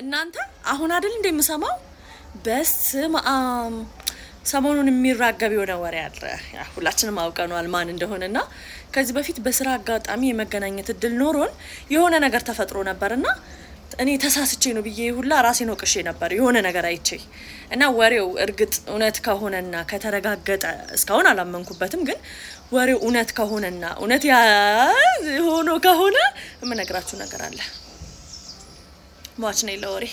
እናንተ አሁን አይደል እንደምሰማው በስመ አብ ሰሞኑን የሚራገብ የሆነ ወሬ አለ። ሁላችንም አውቀኗል ማን እንደሆነ እንደሆነና ከዚህ በፊት በስራ አጋጣሚ የመገናኘት እድል ኖሮን የሆነ ነገር ተፈጥሮ ነበር ነበርና እኔ ተሳስቼ ነው ብዬ ሁላ ራሴን ወቅሼ ነበር የሆነ ነገር አይቼ እና ወሬው እርግጥ እውነት ከሆነና ከተረጋገጠ እስካሁን አላመንኩበትም፣ ግን ወሬው እውነት ከሆነና እውነት ሆኖ ከሆነ የምነግራችሁ ነገር አለ። Watch any lorry.